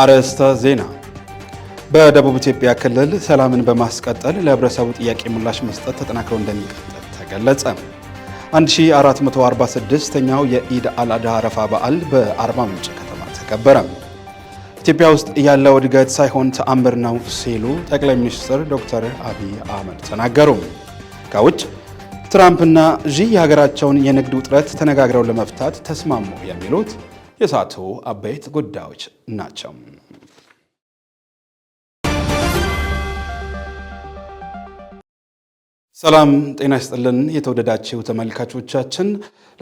አርዕስተ ዜና። በደቡብ ኢትዮጵያ ክልል ሰላምን በማስቀጠል ለህብረተሰቡ ጥያቄ ምላሽ መስጠት ተጠናክሮ እንደሚቀጥል ተገለጸ። 1446ኛው የኢድ አልአድሃ አረፋ በዓል በአርባ ምንጭ ከተማ ተከበረ። ኢትዮጵያ ውስጥ ያለው እድገት ሳይሆን ተአምር ነው ሲሉ ጠቅላይ ሚኒስትር ዶክተር አብይ አህመድ ተናገሩ። ከውጭ ትራምፕና ዢ የሀገራቸውን የንግድ ውጥረት ተነጋግረው ለመፍታት ተስማሙ። የሚሉት የሰዓቱ አበይት ጉዳዮች ናቸው። ሰላም ጤና ይስጥልን የተወደዳችሁ ተመልካቾቻችን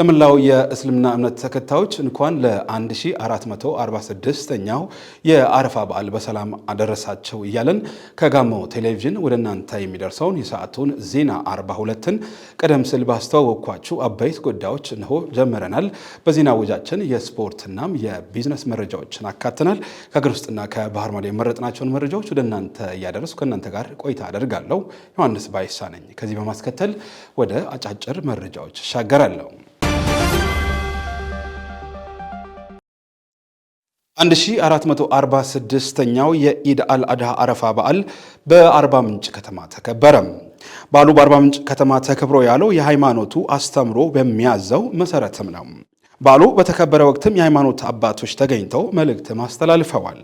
ለመላው የእስልምና እምነት ተከታዮች እንኳን ለ1446ኛው የአረፋ በዓል በሰላም አደረሳቸው እያለን ከጋሞ ቴሌቪዥን ወደ እናንተ የሚደርሰውን የሰዓቱን ዜና 42ን ቀደም ሲል ባስተዋወቅኳችሁ አበይት ጉዳዮች እንሆ ጀምረናል። በዜና ውጃችን የስፖርትናም የቢዝነስ መረጃዎችን አካትናል። ከአገር ውስጥና ከባህር ማዶ የመረጥናቸውን መረጃዎች ወደ እናንተ እያደረሱ ከእናንተ ጋር ቆይታ አደርጋለሁ። ዮሐንስ ባይሳ ነኝ። ከዚህ በማስከተል ወደ አጫጭር መረጃዎች እሻገራለሁ። 1446ኛው የኢድ አልአድሃ አረፋ በዓል በአርባ ምንጭ ከተማ ተከበረ። በዓሉ በአርባ ምንጭ ከተማ ተከብሮ ያለው የሃይማኖቱ አስተምሮ በሚያዘው መሰረትም ነው። በዓሉ በተከበረ ወቅትም የሃይማኖት አባቶች ተገኝተው መልእክትም አስተላልፈዋል።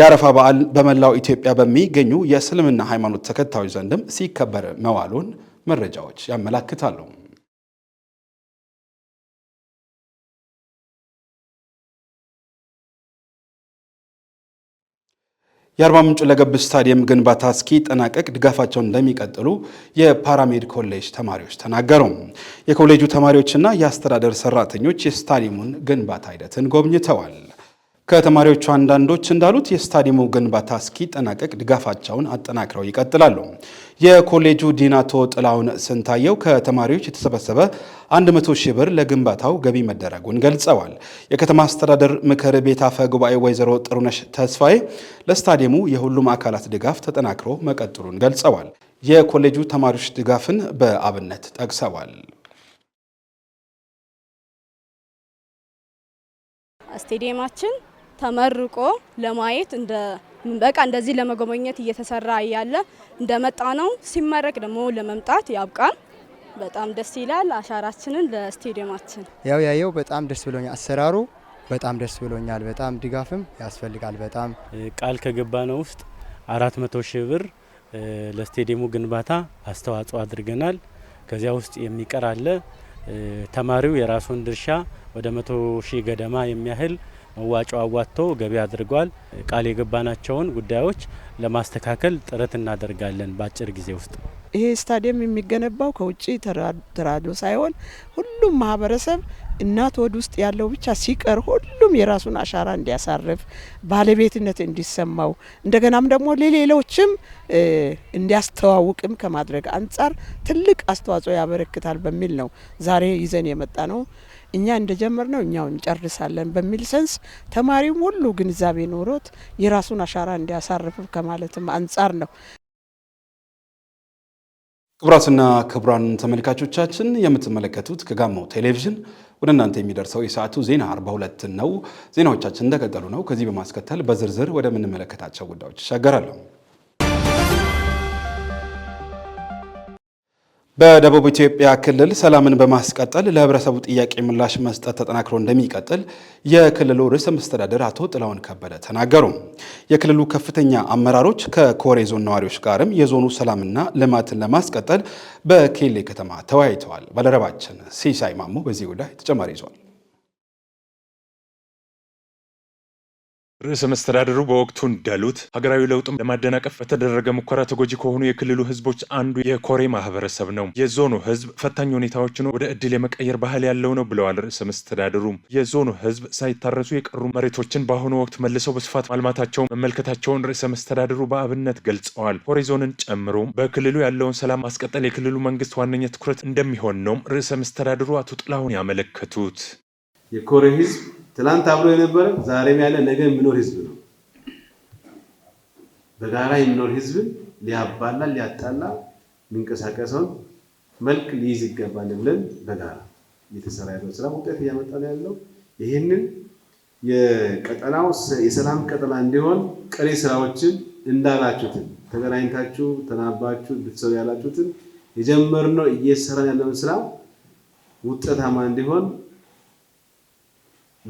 የአረፋ በዓል በመላው ኢትዮጵያ በሚገኙ የእስልምና ሃይማኖት ተከታዮች ዘንድም ሲከበር መዋሉን መረጃዎች ያመላክታሉ። የአርባ ምንጩ ለገብ ስታዲየም ግንባታ እስኪጠናቀቅ ድጋፋቸውን እንደሚቀጥሉ የፓራሜድ ኮሌጅ ተማሪዎች ተናገሩ። የኮሌጁ ተማሪዎችና የአስተዳደር ሰራተኞች የስታዲየሙን ግንባታ ሂደትን ጎብኝተዋል። ከተማሪዎቹ አንዳንዶች እንዳሉት የስታዲየሙ ግንባታ እስኪጠናቀቅ ድጋፋቸውን አጠናክረው ይቀጥላሉ። የኮሌጁ ዲን አቶ ጥላሁን ስንታየው ከተማሪዎች የተሰበሰበ 100 ሺህ ብር ለግንባታው ገቢ መደረጉን ገልጸዋል። የከተማ አስተዳደር ምክር ቤት አፈ ጉባኤ ወይዘሮ ጥሩነሽ ተስፋዬ ለስታዲየሙ የሁሉም አካላት ድጋፍ ተጠናክሮ መቀጠሉን ገልጸዋል። የኮሌጁ ተማሪዎች ድጋፍን በአብነት ጠቅሰዋል። ስቴዲየማችን ተመርቆ ለማየት እንደ በቃ እንደዚህ ለመጎበኘት እየተሰራ ያለ እንደመጣ ነው። ሲመረቅ ደግሞ ለመምጣት ያብቃን። በጣም ደስ ይላል። አሻራችንን ለስቴዲየማችን ያው ያየው በጣም ደስ ብሎኛል። አሰራሩ በጣም ደስ ብሎኛል። በጣም ድጋፍም ያስፈልጋል። በጣም ቃል ከገባ ነው ውስጥ አራት መቶ ሺህ ብር ለስቴዲየሙ ግንባታ አስተዋጽኦ አድርገናል። ከዚያ ውስጥ የሚቀር አለ። ተማሪው የራሱን ድርሻ ወደ መቶ ሺህ ገደማ የሚያህል መዋጮ አዋጥቶ ገቢ አድርጓል። ቃል የገባናቸውን ጉዳዮች ለማስተካከል ጥረት እናደርጋለን በአጭር ጊዜ ውስጥ። ይሄ ስታዲየም የሚገነባው ከውጭ ተራዶ ሳይሆን ሁሉም ማህበረሰብ እናት ወድ ውስጥ ያለው ብቻ ሲቀር ሁሉም የራሱን አሻራ እንዲያሳርፍ ባለቤትነት እንዲሰማው እንደገናም ደግሞ ለሌሎችም እንዲያስተዋውቅም ከማድረግ አንጻር ትልቅ አስተዋጽኦ ያበረክታል በሚል ነው ዛሬ ይዘን የመጣ ነው። እኛ እንደጀመርነው እኛው እንጨርሳለን በሚል ሰንስ ተማሪውም ሁሉ ግንዛቤ ኖሮት የራሱን አሻራ እንዲያሳርፍ ከማለትም አንጻር ነው። ክቡራትና ክቡራን ተመልካቾቻችን የምትመለከቱት ከጋሞ ቴሌቪዥን ወደ እናንተ የሚደርሰው የሰዓቱ ዜና 42 ነው። ዜናዎቻችን እንደቀጠሉ ነው። ከዚህ በማስከተል በዝርዝር ወደምንመለከታቸው ጉዳዮች ይሻገራለሁ። በደቡብ ኢትዮጵያ ክልል ሰላምን በማስቀጠል ለህብረተሰቡ ጥያቄ ምላሽ መስጠት ተጠናክሮ እንደሚቀጥል የክልሉ ርዕሰ መስተዳደር አቶ ጥላሁን ከበደ ተናገሩ። የክልሉ ከፍተኛ አመራሮች ከኮሬ ዞን ነዋሪዎች ጋርም የዞኑ ሰላምና ልማትን ለማስቀጠል በኬሌ ከተማ ተወያይተዋል። ባልደረባችን ሲሳይ ማሞ በዚህ ጉዳይ ተጨማሪ ይዟል። ርዕሰ መስተዳድሩ በወቅቱ እንዳሉት ሀገራዊ ለውጥም ለማደናቀፍ በተደረገ ሙከራ ተጎጂ ከሆኑ የክልሉ ህዝቦች አንዱ የኮሬ ማህበረሰብ ነው። የዞኑ ህዝብ ፈታኝ ሁኔታዎችን ወደ እድል የመቀየር ባህል ያለው ነው ብለዋል ርዕሰ መስተዳድሩ። የዞኑ ህዝብ ሳይታረሱ የቀሩ መሬቶችን በአሁኑ ወቅት መልሰው በስፋት ማልማታቸውን መመልከታቸውን ርዕሰ መስተዳድሩ በአብነት ገልጸዋል። ኮሬ ዞንን ጨምሮ በክልሉ ያለውን ሰላም ማስቀጠል የክልሉ መንግስት ዋነኛ ትኩረት እንደሚሆን ነው ርዕሰ መስተዳድሩ አቶ ጥላሁን ያመለከቱት የኮሬ ህዝብ ትላንት አብሮ የነበረ ዛሬም ያለ ነገ የሚኖር ህዝብ ነው። በጋራ የሚኖር ህዝብ ሊያባላ ሊያጣላ የሚንቀሳቀሰውን መልክ ሊይዝ ይገባል ብለን በጋራ እየተሰራ ያለው ስራ ውጤት እያመጣ ነው ያለው። ይህንን የቀጠናው የሰላም ቀጠና እንዲሆን ቀሪ ስራዎችን እንዳላችሁትን ተገናኝታችሁ ተናባችሁ ብትሰሩ ያላችሁትን የጀመርነው እየሰራን ያለውን ስራ ውጤታማ እንዲሆን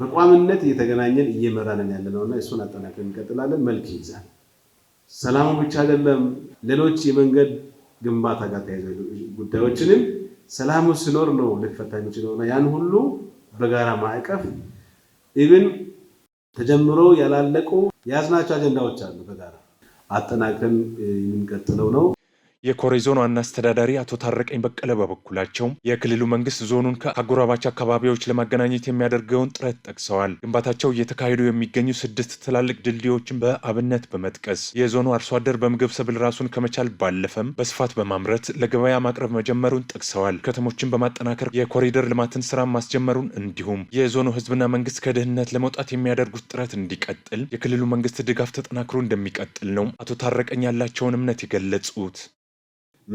በቋምነት እየተገናኘን እየመራንን ያለ ነውና እሱን አጠናክረን እንቀጥላለን። መልክ ይይዛል። ሰላሙ ብቻ አይደለም፣ ሌሎች የመንገድ ግንባታ ጋር ተያይዘ ጉዳዮችንም ሰላሙ ሲኖር ነው ልፈታ የሚችለው። ያን ሁሉ በጋራ ማዕቀፍ ኢብን ተጀምሮ ያላለቁ የያዝናቸው አጀንዳዎች አሉ። በጋራ አጠናክረን የምንቀጥለው ነው። የኮሬ ዞን ዋና አስተዳዳሪ አቶ ታረቀኝ በቀለ በበኩላቸው የክልሉ መንግስት ዞኑን ከአጎራባች አካባቢዎች ለማገናኘት የሚያደርገውን ጥረት ጠቅሰዋል። ግንባታቸው እየተካሄዱ የሚገኙ ስድስት ትላልቅ ድልድዮችን በአብነት በመጥቀስ የዞኑ አርሶ አደር በምግብ ሰብል ራሱን ከመቻል ባለፈም በስፋት በማምረት ለገበያ ማቅረብ መጀመሩን ጠቅሰዋል። ከተሞችን በማጠናከር የኮሪደር ልማትን ስራ ማስጀመሩን እንዲሁም የዞኑ ህዝብና መንግስት ከድህነት ለመውጣት የሚያደርጉት ጥረት እንዲቀጥል የክልሉ መንግስት ድጋፍ ተጠናክሮ እንደሚቀጥል ነው አቶ ታረቀኝ ያላቸውን እምነት የገለጹት።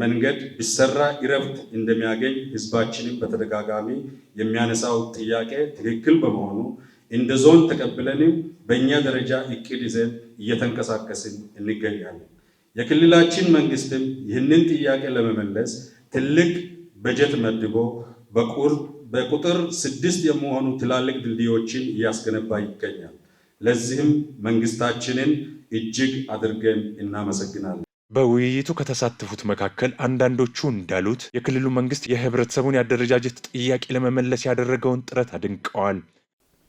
መንገድ ቢሰራ እረፍት እንደሚያገኝ ህዝባችንም በተደጋጋሚ የሚያነሳው ጥያቄ ትክክል በመሆኑ እንደ ዞን ተቀብለንም በእኛ ደረጃ እቅድ ይዘን እየተንቀሳቀስን እንገኛለን። የክልላችን መንግስትም ይህንን ጥያቄ ለመመለስ ትልቅ በጀት መድቦ በቁጥር ስድስት የሚሆኑ ትላልቅ ድልድዮችን እያስገነባ ይገኛል። ለዚህም መንግስታችንን እጅግ አድርገን እናመሰግናለን። በውይይቱ ከተሳተፉት መካከል አንዳንዶቹ እንዳሉት የክልሉ መንግስት የህብረተሰቡን የአደረጃጀት ጥያቄ ለመመለስ ያደረገውን ጥረት አድንቀዋል።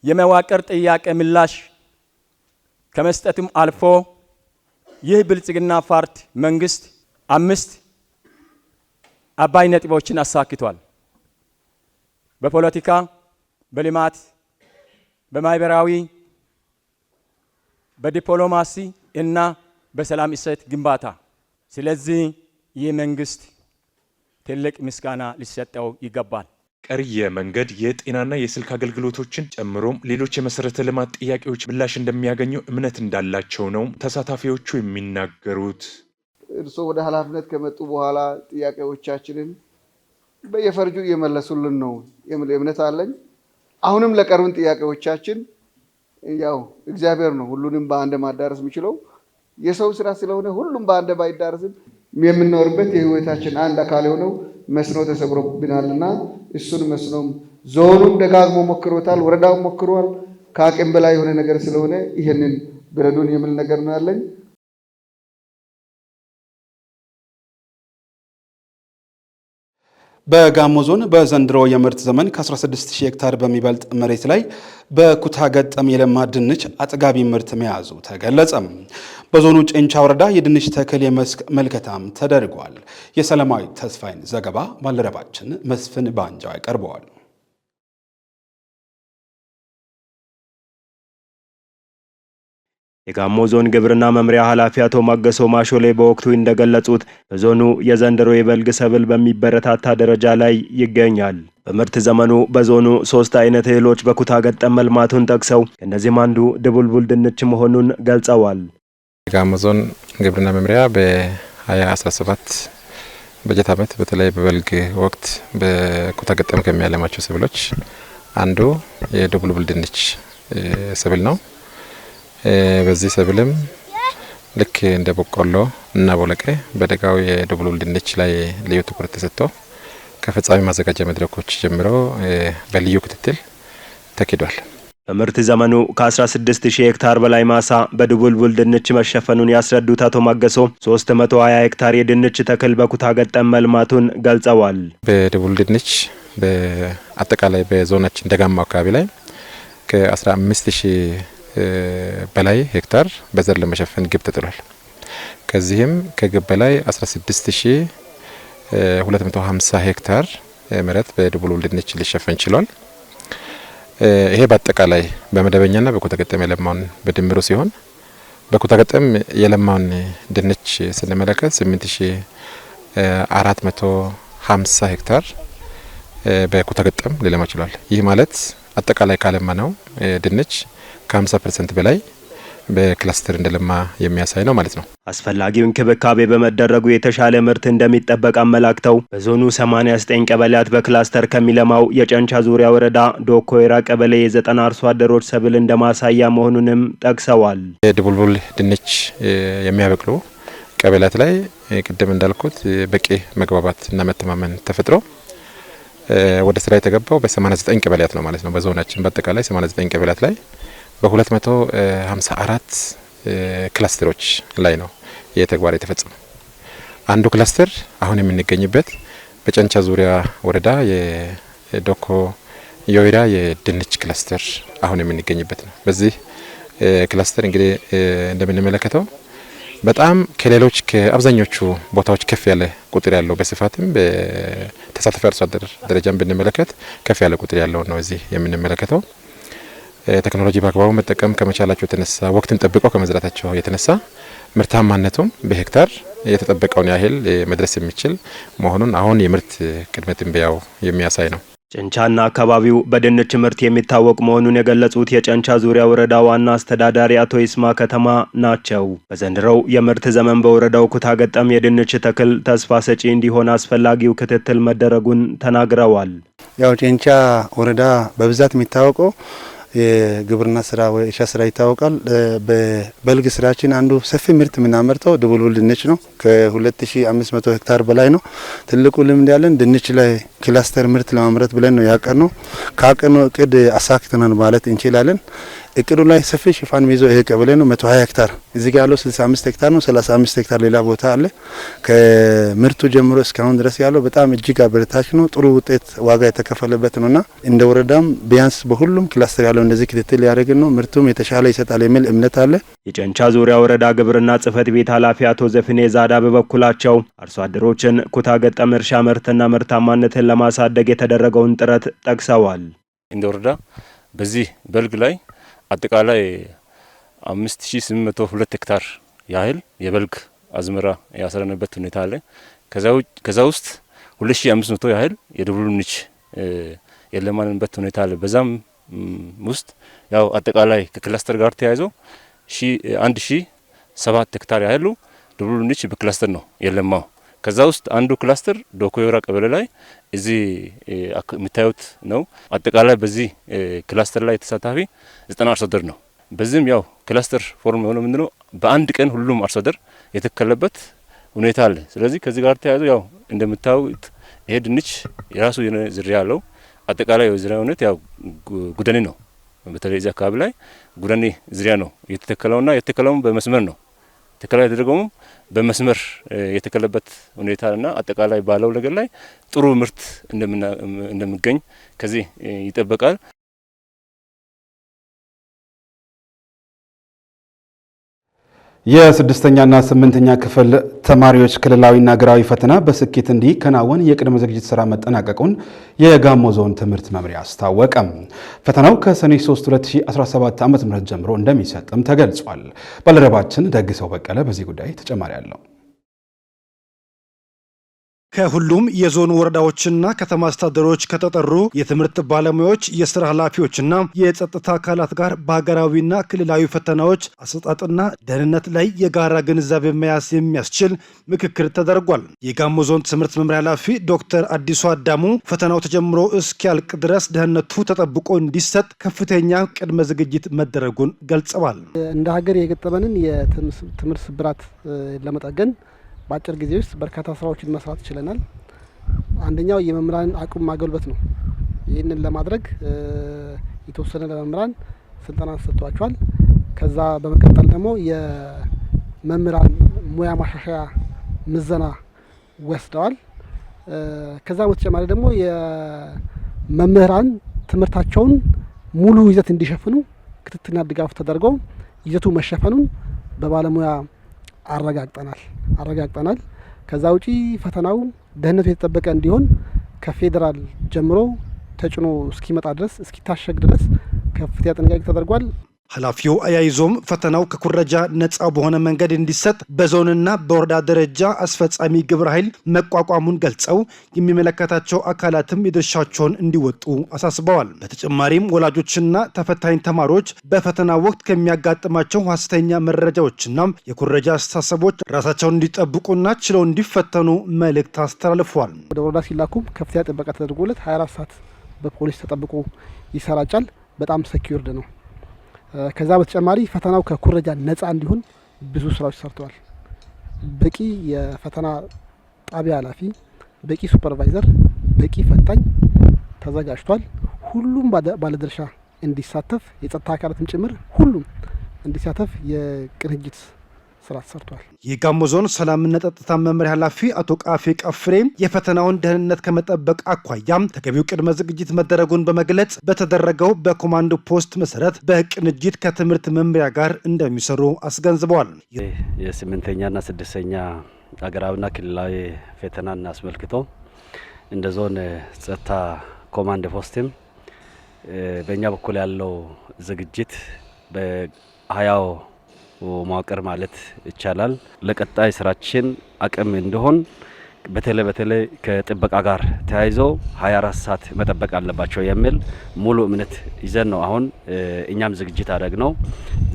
የመዋቅር ጥያቄ ምላሽ ከመስጠትም አልፎ ይህ ብልጽግና ፓርቲ መንግስት አምስት አባይ ነጥቦችን አሳክቷል። በፖለቲካ፣ በልማት፣ በማህበራዊ፣ በዲፕሎማሲ እና በሰላም እሴት ግንባታ ስለዚህ ይህ መንግስት ትልቅ ምስጋና ሊሰጠው ይገባል። ቀሪ የመንገድ የጤናና የስልክ አገልግሎቶችን ጨምሮም ሌሎች የመሰረተ ልማት ጥያቄዎች ምላሽ እንደሚያገኙ እምነት እንዳላቸው ነው ተሳታፊዎቹ የሚናገሩት። እርስዎ ወደ ኃላፊነት ከመጡ በኋላ ጥያቄዎቻችንን በየፈርጁ እየመለሱልን ነው የሚል እምነት አለኝ። አሁንም ለቀሩን ጥያቄዎቻችን ያው እግዚአብሔር ነው ሁሉንም በአንድ ማዳረስ የሚችለው። የሰው ስራ ስለሆነ ሁሉም በአንድ ባይዳረስም የምንኖርበት የህይወታችን አንድ አካል የሆነው መስኖ ተሰብሮብናልና እሱን መስኖም ዞኑም ደጋግሞ ሞክሮታል፣ ወረዳው ሞክሯል። ከአቅም በላይ የሆነ ነገር ስለሆነ ይህንን ብረዱን የምል ነገር ነው ያለኝ። በጋሞ ዞን በዘንድሮ የምርት ዘመን ከ16000 ሄክታር በሚበልጥ መሬት ላይ በኩታ ገጠም የለማ ድንች አጥጋቢ ምርት መያዙ ተገለጸም። በዞኑ ጭንቻ ወረዳ የድንች ተክል የመስክ መልከታም ተደርጓል። የሰላማዊ ተስፋይን ዘገባ ባልደረባችን መስፍን ባንጃው ያቀርበዋል። የጋሞ ዞን ግብርና መምሪያ ኃላፊ አቶ ማገሶ ማሾሌ በወቅቱ እንደገለጹት በዞኑ የዘንድሮ የበልግ ሰብል በሚበረታታ ደረጃ ላይ ይገኛል። በምርት ዘመኑ በዞኑ ሶስት አይነት እህሎች በኩታ ገጠም መልማቱን ጠቅሰው ከእነዚህም አንዱ ድቡልቡል ድንች መሆኑን ገልጸዋል። የጋሞ ዞን ግብርና መምሪያ በ2017 በጀት ዓመት በተለይ በበልግ ወቅት በኩታ ገጠም ከሚያለማቸው ሰብሎች አንዱ የድቡልቡል ድንች ሰብል ነው። በዚህ ሰብልም ልክ እንደ በቆሎ እና ቦለቄ በደጋው የደቡብ ድንች ላይ ልዩ ትኩረት ተሰጥቶ ከፍጻሜ ማዘጋጃ መድረኮች ጀምሮ በልዩ ክትትል ተኪዷል። በምርት ዘመኑ ከ16 ሺህ ሄክታር በላይ ማሳ በድቡልቡል ድንች መሸፈኑን ያስረዱት አቶ ማገሶ 320 ሄክታር የድንች ተክል በኩታ ገጠም መልማቱን ገልጸዋል። በድቡል ድንች በአጠቃላይ በዞናችን ደጋማው አካባቢ ላይ ከ15 ሺህ በላይ ሄክታር በዘር ለመሸፈን ግብ ተጥሏል። ከዚህም ከግብ በላይ 16250 ሄክታር መሬት በድቡል ወልድ ድንች ሊሸፈን ችሏል። ይሄ በአጠቃላይ በመደበኛና በኩታ የለማውን በድምሩ ሲሆን በኩታ የለማውን ድንች ስንመለከት 8450 ሄክታር በኩታ ገጠም ሊለማ ችሏል። ይህ ማለት አጠቃላይ ካለማ ነው ድንች ከ50 ፐርሰንት በላይ በክላስተር እንደለማ የሚያሳይ ነው ማለት ነው። አስፈላጊው እንክብካቤ በመደረጉ የተሻለ ምርት እንደሚጠበቅ አመላክተው በዞኑ 89 ቀበሌያት በክላስተር ከሚለማው የጨንቻ ዙሪያ ወረዳ ዶኮራ ቀበሌ የዘጠና አርሶ አደሮች ሰብል እንደማሳያ መሆኑንም ጠቅሰዋል። የድቡልቡል ድንች የሚያበቅሉ ቀበሌያት ላይ ቅድም እንዳልኩት በቂ መግባባት እና መተማመን ተፈጥሮ ወደ ስራ የተገባው በ89 ቀበሌያት ነው ማለት ነው። በዞናችን በአጠቃላይ 89 ቀበሌያት ላይ በ254 ክላስተሮች ላይ ነው ይህ ተግባር የተፈጸመው። አንዱ ክላስተር አሁን የምንገኝበት በጨንቻ ዙሪያ ወረዳ የዶኮ የወይራ የድንች ክላስተር አሁን የምንገኝበት ነው። በዚህ ክላስተር እንግዲህ እንደምንመለከተው በጣም ከሌሎች ከአብዛኞቹ ቦታዎች ከፍ ያለ ቁጥር ያለው በስፋትም በተሳታፊ አርሶ አደር ደረጃም ብንመለከት ከፍ ያለ ቁጥር ያለው ነው እዚህ የምንመለከተው። ቴክኖሎጂ በአግባቡ መጠቀም ከመቻላቸው የተነሳ ወቅትን ጠብቀው ከመዝራታቸው የተነሳ ምርታማነቱም በሄክታር የተጠበቀውን ያህል መድረስ የሚችል መሆኑን አሁን የምርት ቅድመ ትንበያው የሚያሳይ ነው። ጨንቻና አካባቢው በድንች ምርት የሚታወቅ መሆኑን የገለጹት የጨንቻ ዙሪያ ወረዳ ዋና አስተዳዳሪ አቶ ይስማ ከተማ ናቸው። በዘንድሮው የምርት ዘመን በወረዳው ኩታ ገጠም የድንች ተክል ተስፋ ሰጪ እንዲሆን አስፈላጊው ክትትል መደረጉን ተናግረዋል። ያው ጨንቻ ወረዳ በብዛት የሚታወቀው የግብርና ስራ ወይ እርሻ ስራ ይታወቃል። በበልግ ስራችን አንዱ ሰፊ ምርት የምናመርተው ድቡልቡል ድንች ነው። ከ2500 ሄክታር በላይ ነው። ትልቁ ልምድ ያለን ድንች ላይ ክላስተር ምርት ለማምረት ብለን ነው ያቀድነው። ካቀድነው እቅድ አሳክተናል ማለት እንችላለን። እቅዱ ላይ ሰፊ ሽፋን የሚይዘው ይሄ ቀበሌ ነው። 120 ሄክታር እዚህ ጋር ያለው 65 ሄክታር ነው። 35 ሄክታር ሌላ ቦታ አለ። ከምርቱ ጀምሮ እስካሁን ድረስ ያለው በጣም እጅግ አበረታች ነው። ጥሩ ውጤት ዋጋ የተከፈለበት ነውና እንደ ወረዳም ቢያንስ በሁሉም ክላስተር ያለው እንደዚህ ክትትል ያደረግን ነው። ምርቱም የተሻለ ይሰጣል የሚል እምነት አለ። የጨንቻ ዙሪያ ወረዳ ግብርና ጽህፈት ቤት ኃላፊ አቶ ዘፍኔ ዛዳ በበኩላቸው አርሶ አደሮችን ኩታ ገጠም እርሻ ምርትና ምርታማነትን ለማሳደግ የተደረገውን ጥረት ጠቅሰዋል። እንደ ወረዳ በዚህ በልግ ላይ አጠቃላይ አምስት ሺ ስምንት መቶ ሁለት ሄክታር ያህል የበልግ አዝመራ ያሰረንበት ሁኔታ አለ። ከዛ ውስጥ ሁለት ሺ አምስት መቶ ያህል የደቡብ ድንች የለማንበት ሁኔታ አለ። በዛም ውስጥ ያው አጠቃላይ ከክላስተር ጋር ተያይዞ አንድ ሺ ሰባት ሄክታር ያህሉ ደቡብ ድንች በክላስተር ነው የለማው። ከዛ ውስጥ አንዱ ክላስተር ዶኮዮራ ቀበሌ ላይ እዚህ የምታዩት ነው። አጠቃላይ በዚህ ክላስተር ላይ ተሳታፊ ዘጠና አርሶ አደር ነው። በዚህም ያው ክላስተር ፎርም የሆነ ነው በአንድ ቀን ሁሉም አርሶ አደር የተከለበት ሁኔታ አለ። ስለዚህ ከዚህ ጋር ተያይዞ ያው እንደምታዩት ይሄ ድንች የራሱ ዝርያ አለው። አጠቃላይ የዝርያ እውነት ያው ጉደኔ ነው። በተለይ እዚህ አካባቢ ላይ ጉደኔ ዝርያ ነው የተተከለውና የተተከለውም በመስመር ነው ተከላ የተደረገውም በመስመር የተከለበት ሁኔታ ና አጠቃላይ ባለው ነገር ላይ ጥሩ ምርት እንደምገኝ ከዚህ ይጠበቃል። የስድስተኛና ስምንተኛ ክፍል ተማሪዎች ክልላዊና ሀገራዊ ፈተና በስኬት እንዲከናወን የቅድመ ዝግጅት ስራ መጠናቀቁን የጋሞ ዞን ትምህርት መምሪያ አስታወቀም። ፈተናው ከሰኔ 3 2017 ም ጀምሮ እንደሚሰጥም ተገልጿል። ባልደረባችን ደግሰው በቀለ በዚህ ጉዳይ ተጨማሪ አለው። ከሁሉም የዞኑ ወረዳዎችና ከተማ አስተዳደሮች ከተጠሩ የትምህርት ባለሙያዎች የስራ ኃላፊዎችና የጸጥታ አካላት ጋር በሀገራዊና ክልላዊ ፈተናዎች አሰጣጥና ደህንነት ላይ የጋራ ግንዛቤ መያዝ የሚያስችል ምክክር ተደርጓል። የጋሞ ዞን ትምህርት መምሪያ ኃላፊ ዶክተር አዲሱ አዳሙ ፈተናው ተጀምሮ እስኪያልቅ ድረስ ደህንነቱ ተጠብቆ እንዲሰጥ ከፍተኛ ቅድመ ዝግጅት መደረጉን ገልጸዋል። እንደ ሀገር የገጠመንን የትምህርት ስብራት ለመጠገን በአጭር ጊዜ ውስጥ በርካታ ስራዎችን መስራት ችለናል። አንደኛው የመምህራን አቅም ማጎልበት ነው። ይህንን ለማድረግ የተወሰነ ለመምህራን ስልጠና ተሰጥቷቸዋል። ከዛ በመቀጠል ደግሞ የመምህራን ሙያ ማሻሻያ ምዘና ወስደዋል። ከዛ በተጨማሪ ደግሞ የመምህራን ትምህርታቸውን ሙሉ ይዘት እንዲሸፍኑ ክትትልና ድጋፍ ተደርገው ይዘቱ መሸፈኑን በባለሙያ አረጋግጠናል አረጋግጠናል። ከዛ ውጪ ፈተናው ደህንነቱ የተጠበቀ እንዲሆን ከፌዴራል ጀምሮ ተጭኖ እስኪመጣ ድረስ እስኪታሸግ ድረስ ከፍተኛ ጥንቃቄ ተደርጓል። ኃላፊው አያይዞም ፈተናው ከኩረጃ ነፃ በሆነ መንገድ እንዲሰጥ በዞንና በወረዳ ደረጃ አስፈጻሚ ግብረ ኃይል መቋቋሙን ገልጸው የሚመለከታቸው አካላትም የድርሻቸውን እንዲወጡ አሳስበዋል። በተጨማሪም ወላጆችና ተፈታኝ ተማሪዎች በፈተና ወቅት ከሚያጋጥማቸው ሐሰተኛ መረጃዎችና የኩረጃ አስተሳሰቦች ራሳቸውን እንዲጠብቁና ችለው እንዲፈተኑ መልእክት አስተላልፏል። ወደ ወረዳ ሲላኩም ከፍተኛ ጥበቃ ተደርጎለት 24 ሰዓት በፖሊስ ተጠብቆ ይሰራጫል። በጣም ሰኪርድ ነው። ከዛ በተጨማሪ ፈተናው ከኩረጃ ነጻ እንዲሆን ብዙ ስራዎች ሰርተዋል። በቂ የፈተና ጣቢያ ኃላፊ፣ በቂ ሱፐርቫይዘር፣ በቂ ፈታኝ ተዘጋጅቷል። ሁሉም ባለድርሻ እንዲሳተፍ የጸጥታ አካላትም ጭምር ሁሉም እንዲሳተፍ የቅንጅት ስራ ተሰርቷል። የጋሞ ዞን ሰላምና ጸጥታ መምሪያ ኃላፊ አቶ ቃፌ ቀፍሬ የፈተናውን ደህንነት ከመጠበቅ አኳያም ተገቢው ቅድመ ዝግጅት መደረጉን በመግለጽ በተደረገው በኮማንዶ ፖስት መሰረት በቅንጅት ከትምህርት መምሪያ ጋር እንደሚሰሩ አስገንዝበዋል። የስምንተኛና ስድስተኛ አገራዊና ክልላዊ ፈተናን አስመልክቶ እንደ ዞን ጸጥታ ኮማንድ ፖስትም በእኛ በኩል ያለው ዝግጅት በሀያው መዋቅር ማለት ይቻላል። ለቀጣይ ስራችን አቅም እንዲሆን በተለይ በተለይ ከጥበቃ ጋር ተያይዞ 24 ሰዓት መጠበቅ አለባቸው የሚል ሙሉ እምነት ይዘን ነው አሁን እኛም ዝግጅት አደረግ ነው።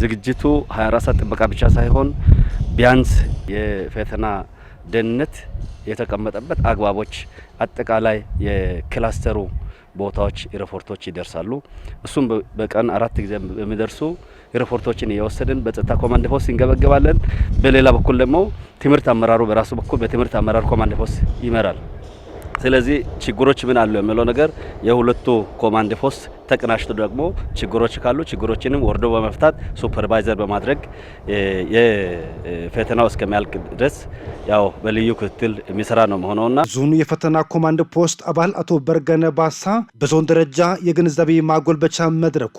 ዝግጅቱ 24 ሰዓት ጥበቃ ብቻ ሳይሆን ቢያንስ የፈተና ደህንነት የተቀመጠበት አግባቦች፣ አጠቃላይ የክላስተሩ ቦታዎች ሪፖርቶች ይደርሳሉ። እሱም በቀን አራት ጊዜ በሚደርሱ ሪፖርቶችን እየወሰድን በጸጥታ ኮማንድ ፖስት እንገበገባለን። በሌላ በኩል ደግሞ ትምህርት አመራሩ በራሱ በኩል በትምህርት አመራር ኮማንድ ፖስት ይመራል። ስለዚህ ችግሮች ምን አሉ የሚለው ነገር የሁለቱ ኮማንድ ፖስት ተቀናጅቶ ደግሞ ችግሮች ካሉ ችግሮችንም ወርዶ በመፍታት ሱፐርቫይዘር በማድረግ የፈተናው እስከሚያልቅ ድረስ ያው በልዩ ክትትል የሚሰራ ነው መሆነውና ዞኑ የፈተና ኮማንድ ፖስት አባል አቶ በርገነ ባሳ በዞን ደረጃ የግንዛቤ ማጎልበቻ መድረኩ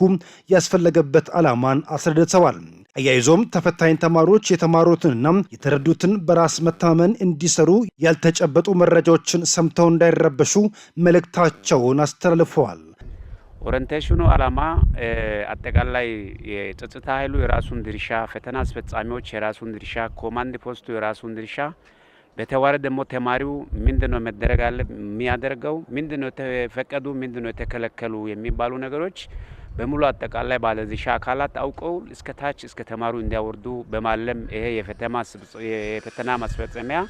ያስፈለገበት ዓላማን አስረድተዋል። አያይዞም ተፈታኝ ተማሪዎች የተማሩትንና የተረዱትን በራስ መታመን እንዲሰሩ ያልተጨበጡ መረጃዎችን ሰምተው እንዳይረበሹ መልእክታቸውን አስተላልፈዋል። ኦሪንቴሽኑ አላማ አጠቃላይ የጸጥታ ኃይሉ የራሱን ድርሻ፣ ፈተና አስፈጻሚዎች የራሱን ድርሻ፣ ኮማንድ ፖስቱ የራሱን ድርሻ፣ በተዋረ ደግሞ ተማሪው ምንድነው መደረግ አለ የሚያደርገው ምንድነው የተፈቀዱ ምንድነው የተከለከሉ የሚባሉ ነገሮች በሙሉ አጠቃላይ ባለድርሻ አካላት አውቀው እስከ ታች እስከ ተማሩ እንዲያወርዱ በማለም ይሄ የፈተና ማስፈጸሚያ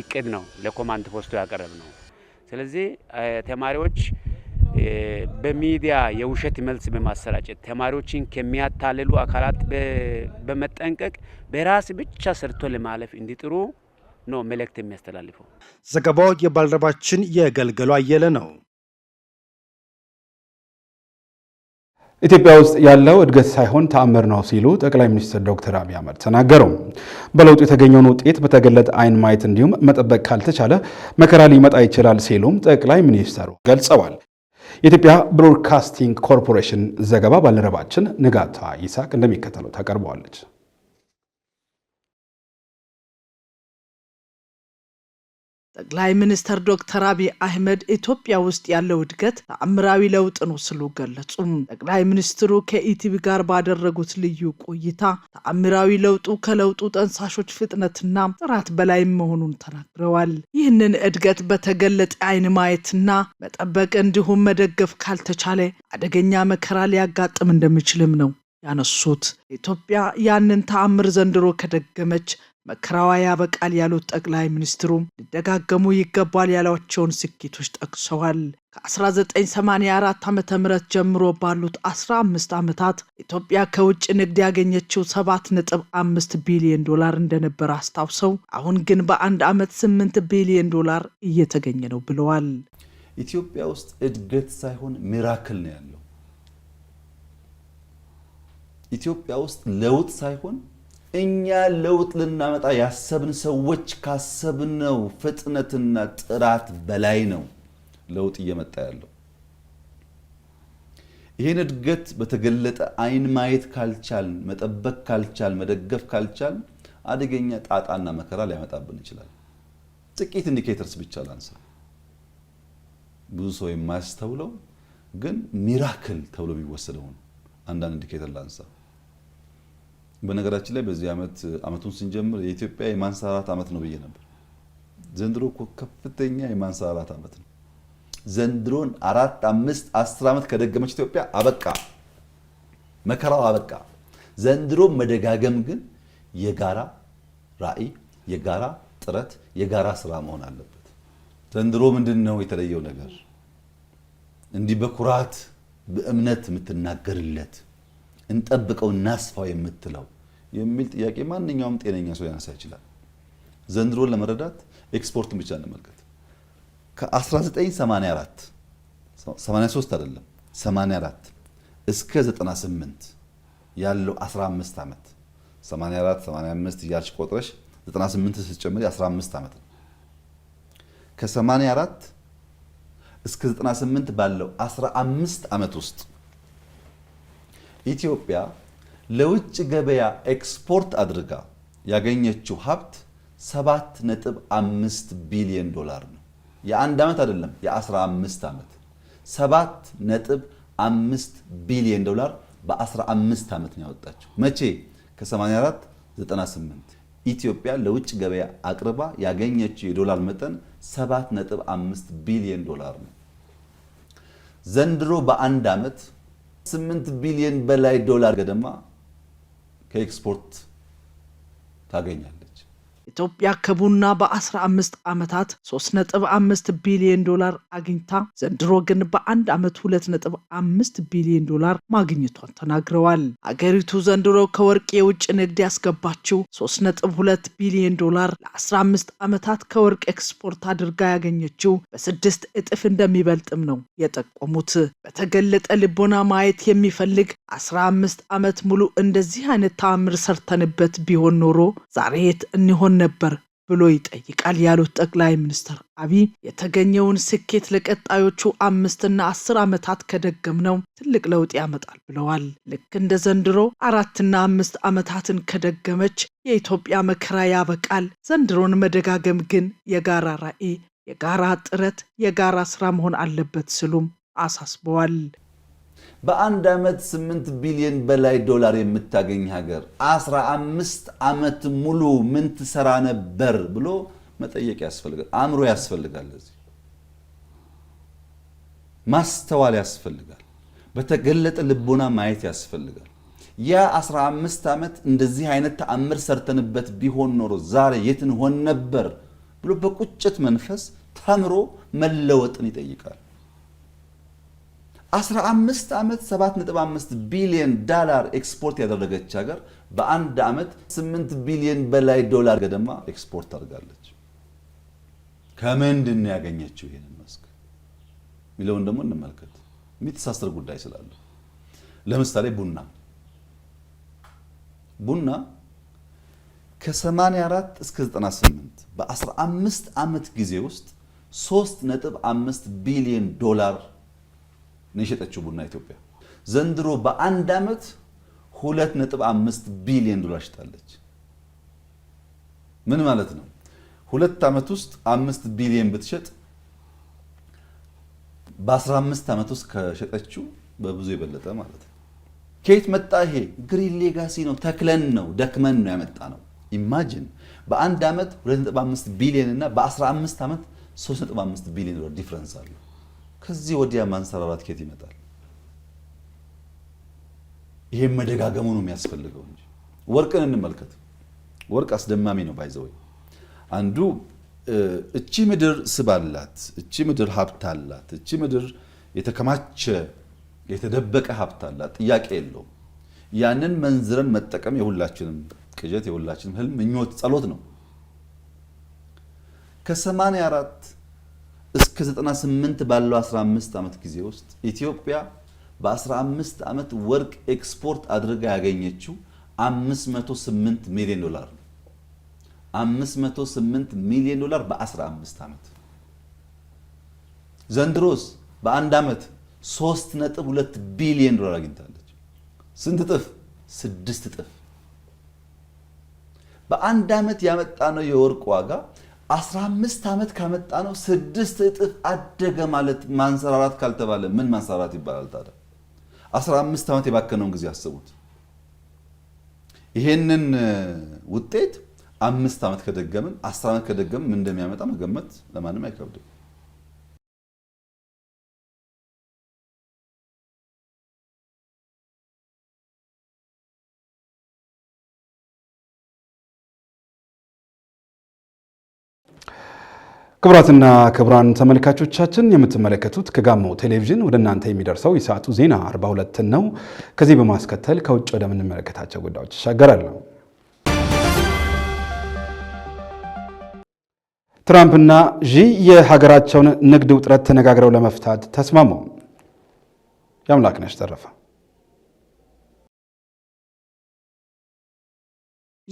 እቅድ ነው ለኮማንድ ፖስቱ ያቀረብ ነው። ስለዚህ ተማሪዎች በሚዲያ የውሸት መልስ በማሰራጨት ተማሪዎችን ከሚያታልሉ አካላት በመጠንቀቅ በራስ ብቻ ሰርቶ ለማለፍ እንዲጥሩ ነው መልእክት የሚያስተላልፈው። ዘገባው የባልደረባችን የገልገሉ አየለ ነው። ኢትዮጵያ ውስጥ ያለው እድገት ሳይሆን ተአምር ነው ሲሉ ጠቅላይ ሚኒስትር ዶክተር አብይ አህመድ ተናገሩ። በለውጡ የተገኘውን ውጤት በተገለጠ ዓይን ማየት እንዲሁም መጠበቅ ካልተቻለ መከራ ሊመጣ ይችላል ሲሉም ጠቅላይ ሚኒስትሩ ገልጸዋል። የኢትዮጵያ ብሮድካስቲንግ ኮርፖሬሽን ዘገባ ባልደረባችን ንጋቷ ይሳቅ እንደሚከተለው ታቀርበዋለች። ጠቅላይ ሚኒስትር ዶክተር አብይ አህመድ ኢትዮጵያ ውስጥ ያለው እድገት ተአምራዊ ለውጥ ነው ስሉ ገለጹ። ጠቅላይ ሚኒስትሩ ከኢቲቪ ጋር ባደረጉት ልዩ ቆይታ ተአምራዊ ለውጡ ከለውጡ ጠንሳሾች ፍጥነትና ጥራት በላይ መሆኑን ተናግረዋል። ይህንን እድገት በተገለጠ አይን ማየትና መጠበቅ እንዲሁም መደገፍ ካልተቻለ አደገኛ መከራ ሊያጋጥም እንደሚችልም ነው ያነሱት። ኢትዮጵያ ያንን ተአምር ዘንድሮ ከደገመች መከራዋ ያበቃል ያሉት ጠቅላይ ሚኒስትሩም ሊደጋገሙ ይገባል ያሏቸውን ስኬቶች ጠቅሰዋል። ከ1984 ዓ ም ጀምሮ ባሉት 15 ዓመታት ኢትዮጵያ ከውጭ ንግድ ያገኘችው 7.5 ቢሊዮን ዶላር እንደነበረ አስታውሰው አሁን ግን በአንድ ዓመት 8 ቢሊዮን ዶላር እየተገኘ ነው ብለዋል። ኢትዮጵያ ውስጥ እድገት ሳይሆን ሚራክል ነው ያለው። ኢትዮጵያ ውስጥ ለውጥ ሳይሆን እኛ ለውጥ ልናመጣ ያሰብን ሰዎች ካሰብነው ፍጥነትና ጥራት በላይ ነው ለውጥ እየመጣ ያለው። ይህን እድገት በተገለጠ አይን ማየት ካልቻልን፣ መጠበቅ ካልቻል መደገፍ ካልቻል አደገኛ ጣጣና መከራ ሊያመጣብን ይችላል። ጥቂት ኢንዲኬተርስ ብቻ ላንሳ። ብዙ ሰው የማያስተውለው ግን ሚራክል ተብሎ የሚወሰደውን አንዳንድ ኢንዲኬተር ላንሳ። በነገራችን ላይ በዚህ ዓመት ዓመቱን ስንጀምር የኢትዮጵያ የማንሰራራት ዓመት ነው ብዬ ነበር። ዘንድሮ እኮ ከፍተኛ የማንሰራራት ዓመት ነው። ዘንድሮን አራት አምስት አስር ዓመት ከደገመች ኢትዮጵያ አበቃ፣ መከራው አበቃ። ዘንድሮ መደጋገም ግን የጋራ ራዕይ፣ የጋራ ጥረት፣ የጋራ ስራ መሆን አለበት። ዘንድሮ ምንድን ነው የተለየው ነገር? እንዲህ በኩራት በእምነት የምትናገርለት እንጠብቀው እናስፋው የምትለው የሚል ጥያቄ ማንኛውም ጤነኛ ሰው ያነሳ ይችላል። ዘንድሮን ለመረዳት ኤክስፖርትን ብቻ እንመልከት። ከ1984 83 አይደለም 84 እስከ 98 ያለው 15 ዓመት 84 85 እያልሽ ቆጥረሽ 98 ስትጨምር 15 ዓመት ነው። ከ84 እስከ 98 ባለው 15 ዓመት ውስጥ ኢትዮጵያ ለውጭ ገበያ ኤክስፖርት አድርጋ ያገኘችው ሀብት 7.5 ቢሊዮን ዶላር ነው። የአንድ ዓመት አይደለም፣ የ15 ዓመት 7.5 ቢሊዮን ዶላር በ15 ዓመት ነው ያወጣችው መቼ? ከ84 98 ኢትዮጵያ ለውጭ ገበያ አቅርባ ያገኘችው የዶላር መጠን 7.5 ቢሊዮን ዶላር ነው። ዘንድሮ በአንድ ዓመት ስምንት ቢሊዮን በላይ ዶላር ገደማ ከኤክስፖርት ታገኛል። ኢትዮጵያ ከቡና በ15 ዓመታት 3.5 ቢሊዮን ዶላር አግኝታ ዘንድሮ ግን በአንድ ዓመት 2.5 ቢሊዮን ዶላር ማግኘቷን ተናግረዋል። አገሪቱ ዘንድሮ ከወርቅ የውጭ ንግድ ያስገባችው 3.2 ቢሊዮን ዶላር ለ15 ዓመታት ከወርቅ ኤክስፖርት አድርጋ ያገኘችው በስድስት እጥፍ እንደሚበልጥም ነው የጠቆሙት። በተገለጠ ልቦና ማየት የሚፈልግ 15 ዓመት ሙሉ እንደዚህ አይነት ተአምር ሰርተንበት ቢሆን ኖሮ ዛሬ የት እንሆን ሆን ነበር ብሎ ይጠይቃል ያሉት ጠቅላይ ሚኒስትር አብይ የተገኘውን ስኬት ለቀጣዮቹ አምስትና አስር ዓመታት ከደገምነው ትልቅ ለውጥ ያመጣል ብለዋል። ልክ እንደ ዘንድሮ አራትና አምስት ዓመታትን ከደገመች የኢትዮጵያ መከራ ያበቃል። ዘንድሮን መደጋገም ግን የጋራ ራዕይ፣ የጋራ ጥረት፣ የጋራ ስራ መሆን አለበት ስሉም አሳስበዋል። በአንድ ዓመት 8 ቢሊዮን በላይ ዶላር የምታገኝ ሀገር 15 ዓመት ሙሉ ምን ትሰራ ነበር ብሎ መጠየቅ ያስፈልጋል። አእምሮ ያስፈልጋል። ለዚህ ማስተዋል ያስፈልጋል። በተገለጠ ልቦና ማየት ያስፈልጋል። ያ 15 ዓመት እንደዚህ አይነት ተአምር ሰርተንበት ቢሆን ኖሮ ዛሬ የትን ሆን ነበር ብሎ በቁጭት መንፈስ ተምሮ መለወጥን ይጠይቃል። 15 ዓመት 7.5 ቢሊዮን ዳላር ኤክስፖርት ያደረገች ሀገር በአንድ ዓመት 8 ቢሊዮን በላይ ዶላር ገደማ ኤክስፖርት አድርጋለች። ከምንድን ያገኘችው ይሄንን መስክ የሚለውን ደግሞ እንመልከት። የሚተሳሰር ጉዳይ ስላለ ለምሳሌ ቡና ቡና ከ84 እስከ 98 በ15 ዓመት ጊዜ ውስጥ 3.5 ቢሊዮን ዶላር ነው የሸጠችው ቡና ኢትዮጵያ። ዘንድሮ በአንድ ዓመት ሁለት አምስት ቢሊዮን ዶላር ሽጣለች። ምን ማለት ነው? ሁለት ዓመት ውስጥ አምስት ቢሊዮን ብትሸጥ በ15 ዓመት ውስጥ ከሸጠችው በብዙ የበለጠ ማለት ነው። ከየት መጣ ይሄ? ግሪን ሌጋሲ ነው። ተክለን ነው ደክመን ነው ያመጣ ነው። ኢማጂን በአንድ ዓመት 2.5 ቢሊዮን እና በ15 ዓመት 3.5 ቢሊዮን ዶላር ዲፍረንስ አለው። ከዚህ ወዲያ ማንሰራራት ኬት ይመጣል? ይሄም መደጋገሙ ነው የሚያስፈልገው እንጂ ወርቅን እንመልከት። ወርቅ አስደማሚ ነው ባይዘው አንዱ እቺ ምድር ስባላት፣ እቺ ምድር ሀብት አላት፣ እቺ ምድር የተከማቸ የተደበቀ ሀብት አላት፣ ጥያቄ የለውም። ያንን መንዝረን መጠቀም የሁላችንም ቅዠት፣ የሁላችንም ህልም፣ ምኞት፣ ጸሎት ነው ከሰማንያ አራት እስከ 98 ባለው 15 ዓመት ጊዜ ውስጥ ኢትዮጵያ በ15 ዓመት ወርቅ ኤክስፖርት አድርጋ ያገኘችው 508 ሚሊዮን ዶላር ነው። 508 ሚሊዮን ዶላር በ15 ዓመት። ዘንድሮስ በአንድ ዓመት 3.2 ቢሊዮን ዶላር አግኝታለች። ስንት እጥፍ? ስድስት እጥፍ። በአንድ ዓመት ያመጣ ነው የወርቅ ዋጋ 15 አመት ካመጣ ነው ስድስት እጥፍ አደገ ማለት ማንሰራራት ካልተባለ ምን ማንሰራራት ይባላል ታዲያ? 15 ዓመት የባከነውን ጊዜ አስቡት። ይሄንን ውጤት አምስት ዓመት ከደገምን አስር ዓመት ከደገምን ምን እንደሚያመጣ መገመት ለማንም አይከብድም። ክቡራትና ክቡራን ተመልካቾቻችን የምትመለከቱት ከጋሞ ቴሌቪዥን ወደ እናንተ የሚደርሰው የሰዓቱ ዜና 42 ነው። ከዚህ በማስከተል ከውጭ ወደምንመለከታቸው ጉዳዮች ይሻገራል። ትራምፕና ዢ የሀገራቸውን ንግድ ውጥረት ተነጋግረው ለመፍታት ተስማሙ። የአምላክነሽ ተረፋ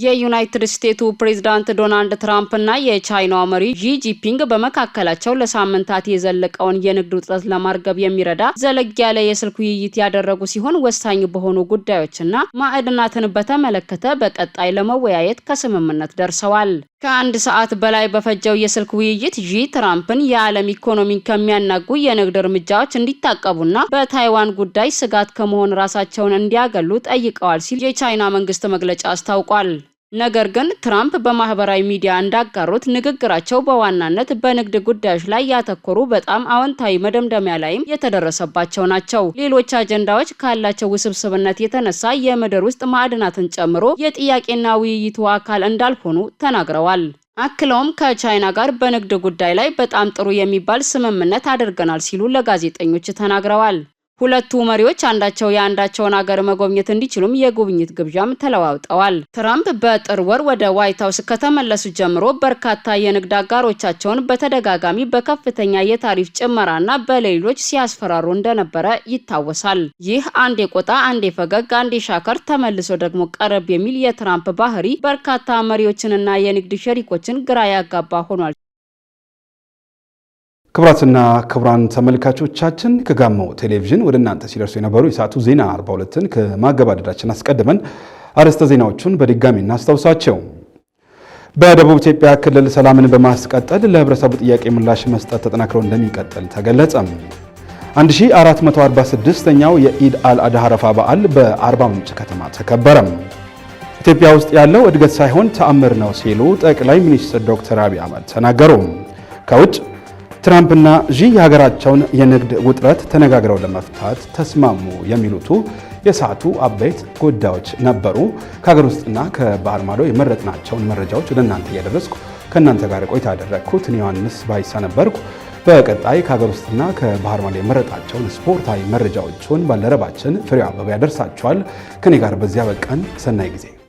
የዩናይትድ ስቴቱ ፕሬዝዳንት ዶናልድ ትራምፕ እና የቻይናው መሪ ዢ ጂፒንግ በመካከላቸው ለሳምንታት የዘለቀውን የንግድ ውጥረት ለማርገብ የሚረዳ ዘለግ ያለ የስልክ ውይይት ያደረጉ ሲሆን ወሳኝ በሆኑ ጉዳዮችና ማዕድናትን በተመለከተ በቀጣይ ለመወያየት ከስምምነት ደርሰዋል። ከአንድ ሰዓት በላይ በፈጀው የስልክ ውይይት ዢ ትራምፕን የዓለም ኢኮኖሚን ከሚያናጉ የንግድ እርምጃዎች እንዲታቀቡና በታይዋን ጉዳይ ስጋት ከመሆን ራሳቸውን እንዲያገሉ ጠይቀዋል ሲል የቻይና መንግስት መግለጫ አስታውቋል። ነገር ግን ትራምፕ በማህበራዊ ሚዲያ እንዳጋሩት ንግግራቸው በዋናነት በንግድ ጉዳዮች ላይ ያተኮሩ በጣም አዎንታዊ መደምደሚያ ላይም የተደረሰባቸው ናቸው። ሌሎች አጀንዳዎች ካላቸው ውስብስብነት የተነሳ የምድር ውስጥ ማዕድናትን ጨምሮ የጥያቄና ውይይቱ አካል እንዳልሆኑ ተናግረዋል። አክለውም ከቻይና ጋር በንግድ ጉዳይ ላይ በጣም ጥሩ የሚባል ስምምነት አድርገናል ሲሉ ለጋዜጠኞች ተናግረዋል። ሁለቱ መሪዎች አንዳቸው የአንዳቸውን አገር መጎብኘት እንዲችሉም የጉብኝት ግብዣም ተለዋውጠዋል። ትራምፕ በጥር ወር ወደ ዋይት ሀውስ ከተመለሱ ጀምሮ በርካታ የንግድ አጋሮቻቸውን በተደጋጋሚ በከፍተኛ የታሪፍ ጭመራና በሌሎች ሲያስፈራሩ እንደነበረ ይታወሳል። ይህ አንዴ ቆጣ፣ አንዴ ፈገግ፣ አንዴ ሻከር ተመልሶ ደግሞ ቀረብ የሚል የትራምፕ ባህሪ በርካታ መሪዎችንና የንግድ ሸሪኮችን ግራ ያጋባ ሆኗል። ክቡራትና ክቡራን ተመልካቾቻችን ከጋሞ ቴሌቪዥን ወደ እናንተ ሲደርሱ የነበሩ የሰዓቱ ዜና 42ን ከማገባደዳችን አስቀድመን አርዕስተ ዜናዎቹን በድጋሚ እናስታውሳቸው። በደቡብ ኢትዮጵያ ክልል ሰላምን በማስቀጠል ለህብረተሰቡ ጥያቄ ምላሽ መስጠት ተጠናክሮ እንደሚቀጥል ተገለጸ። 1446ኛው የኢድ አልአድሃ አረፋ በዓል በአርባ ምንጭ ከተማ ተከበረም። ኢትዮጵያ ውስጥ ያለው እድገት ሳይሆን ተአምር ነው ሲሉ ጠቅላይ ሚኒስትር ዶክተር አብይ አህመድ ተናገሩ። ከውጭ ትራምፕና ዢ የሀገራቸውን የንግድ ውጥረት ተነጋግረው ለመፍታት ተስማሙ የሚሉቱ የሰዓቱ አበይት ጉዳዮች ነበሩ። ከሀገር ውስጥና ከባህር ማዶ የመረጥናቸውን መረጃዎች ወደ እናንተ እያደረስኩ ከእናንተ ጋር ቆይታ ያደረግኩት እኔ ዮሐንስ ባይሳ ነበርኩ። በቀጣይ ከሀገር ውስጥና ከባህር ማዶ የመረጣቸውን ስፖርታዊ መረጃዎችን ባልደረባችን ፍሬው አበባ ያደርሳቸዋል። ከኔ ጋር በዚያ በቀን ሰናይ ጊዜ